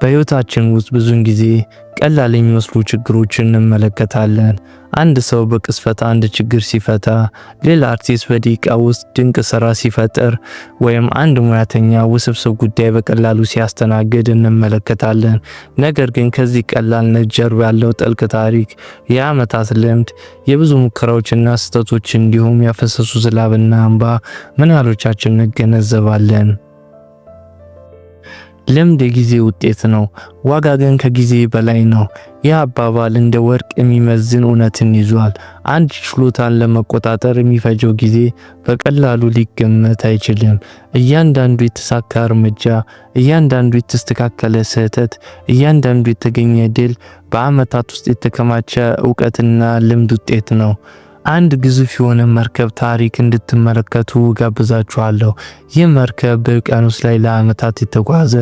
በሕይወታችን ውስጥ ብዙውን ጊዜ ቀላል የሚመስሉ ችግሮችን እንመለከታለን። አንድ ሰው በቅስፈት አንድ ችግር ሲፈታ፣ ሌላ አርቲስት በደቂቃ ውስጥ ድንቅ ስራ ሲፈጥር፣ ወይም አንድ ሙያተኛ ውስብስብ ጉዳይ በቀላሉ ሲያስተናግድ እንመለከታለን። ነገር ግን ከዚህ ቀላልነት ጀርባ ያለው ጥልቅ ታሪክ፣ የዓመታት ልምድ፣ የብዙ ሙከራዎችና ስህተቶች እንዲሁም ያፈሰሱ ዝላብና እንባ ምን ያህሎቻችን እንገነዘባለን? ልምድ የጊዜ ውጤት ነው፣ ዋጋ ግን ከጊዜ በላይ ነው። ይህ አባባል እንደ ወርቅ የሚመዝን እውነትን ይዟል። አንድ ችሎታን ለመቆጣጠር የሚፈጀው ጊዜ በቀላሉ ሊገመት አይችልም። እያንዳንዱ የተሳካ እርምጃ፣ እያንዳንዱ የተስተካከለ ስህተት፣ እያንዳንዱ የተገኘ ድል በዓመታት ውስጥ የተከማቸ እውቀትና ልምድ ውጤት ነው። አንድ ግዙፍ የሆነ መርከብ ታሪክ እንድትመለከቱ ጋብዛችኋለሁ። ይህ መርከብ በውቅያኖስ ላይ ለዓመታት የተጓዘ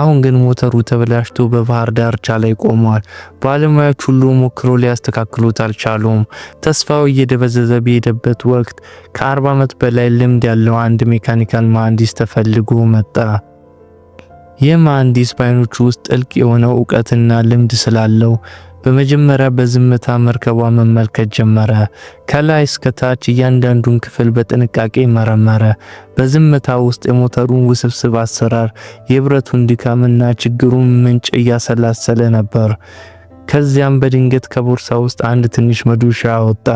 አሁን ግን ሞተሩ ተበላሽቶ በባህር ዳርቻ ላይ ቆሟል። ባለሙያዎች ሁሉ ሞክሮ ሊያስተካክሉት አልቻሉም። ተስፋው እየደበዘዘ በሄደበት ወቅት ከ ከ40 ዓመት በላይ ልምድ ያለው አንድ ሜካኒካል መሐንዲስ ተፈልጎ መጣ። ይህ መሐንዲስ በአይኖቹ ውስጥ ጥልቅ የሆነ እውቀትና ልምድ ስላለው በመጀመሪያ በዝምታ መርከቧ መመልከት ጀመረ። ከላይ እስከ ታች እያንዳንዱን ክፍል በጥንቃቄ መረመረ። በዝምታ ውስጥ የሞተሩን ውስብስብ አሰራር፣ የብረቱን ድካምና ችግሩን ምንጭ እያሰላሰለ ነበር። ከዚያም በድንገት ከቦርሳ ውስጥ አንድ ትንሽ መዶሻ አወጣ።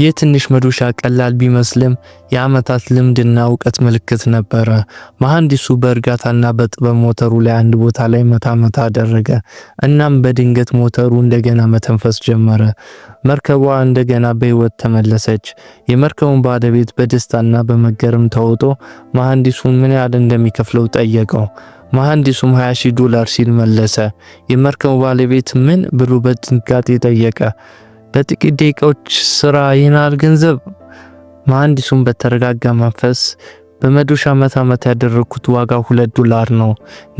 ይህ ትንሽ መዶሻ ቀላል ቢመስልም የዓመታት ልምድና እውቀት ምልክት ነበረ። መሐንዲሱ በእርጋታና በጥበብ ሞተሩ ላይ አንድ ቦታ ላይ መታ መታ አደረገ። እናም በድንገት ሞተሩ እንደገና መተንፈስ ጀመረ። መርከቧ እንደገና በሕይወት ተመለሰች። የመርከቡን ባለቤት በደስታና በመገረም ተውጦ መሐንዲሱን ምን ያህል እንደሚከፍለው ጠየቀው። መሐንዲሱም 20 ሺህ ዶላር ሲል መለሰ። የመርከቡ ባለቤት ምን ብሎ በድንጋጤ ጠየቀ። በጥቂት ደቂቃዎች ስራ ይህናል ገንዘብ። መሐንዲሱም በተረጋጋ መንፈስ በመዶሻ መታ መታ ያደረግኩት ዋጋ ሁለት ዶላር ነው።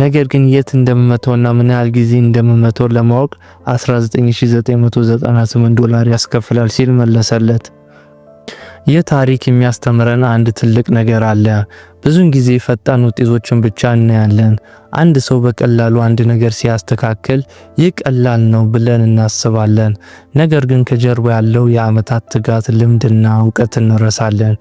ነገር ግን የት እንደምመተውና ምን ያህል ጊዜ እንደምመተው ለማወቅ 19998 ዶላር ያስከፍላል ሲል መለሰለት። ይህ ታሪክ የሚያስተምረን አንድ ትልቅ ነገር አለ። ብዙን ጊዜ ፈጣን ውጤቶችን ብቻ እናያለን። አንድ ሰው በቀላሉ አንድ ነገር ሲያስተካክል ይህ ቀላል ነው ብለን እናስባለን። ነገር ግን ከጀርባ ያለው የዓመታት ትጋት፣ ልምድና እውቀት እንረሳለን።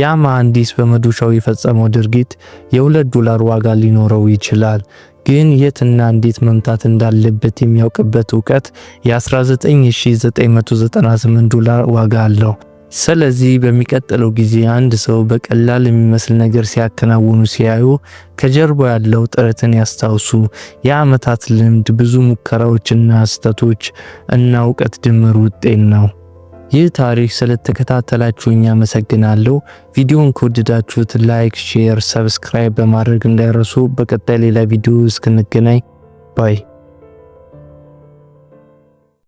ያ መሐንዲስ በመዶሻው የፈጸመው ድርጊት የሁለት ዶላር ዋጋ ሊኖረው ይችላል ግን የትና እንዴት መምታት እንዳለበት የሚያውቅበት እውቀት የ19998 ዶላር ዋጋ አለው። ስለዚህ በሚቀጥለው ጊዜ አንድ ሰው በቀላል የሚመስል ነገር ሲያከናውኑ ሲያዩ ከጀርባ ያለው ጥረትን ያስታውሱ። የዓመታት ልምድ፣ ብዙ ሙከራዎችና ስህተቶች እና እውቀት ድምር ውጤት ነው። ይህ ታሪክ ስለተከታተላችሁኝ አመሰግናለሁ። ቪዲዮን ከወደዳችሁት ላይክ፣ ሼር፣ ሰብስክራይብ በማድረግ እንዳይረሱ። በቀጣይ ሌላ ቪዲዮ እስክንገናኝ ባይ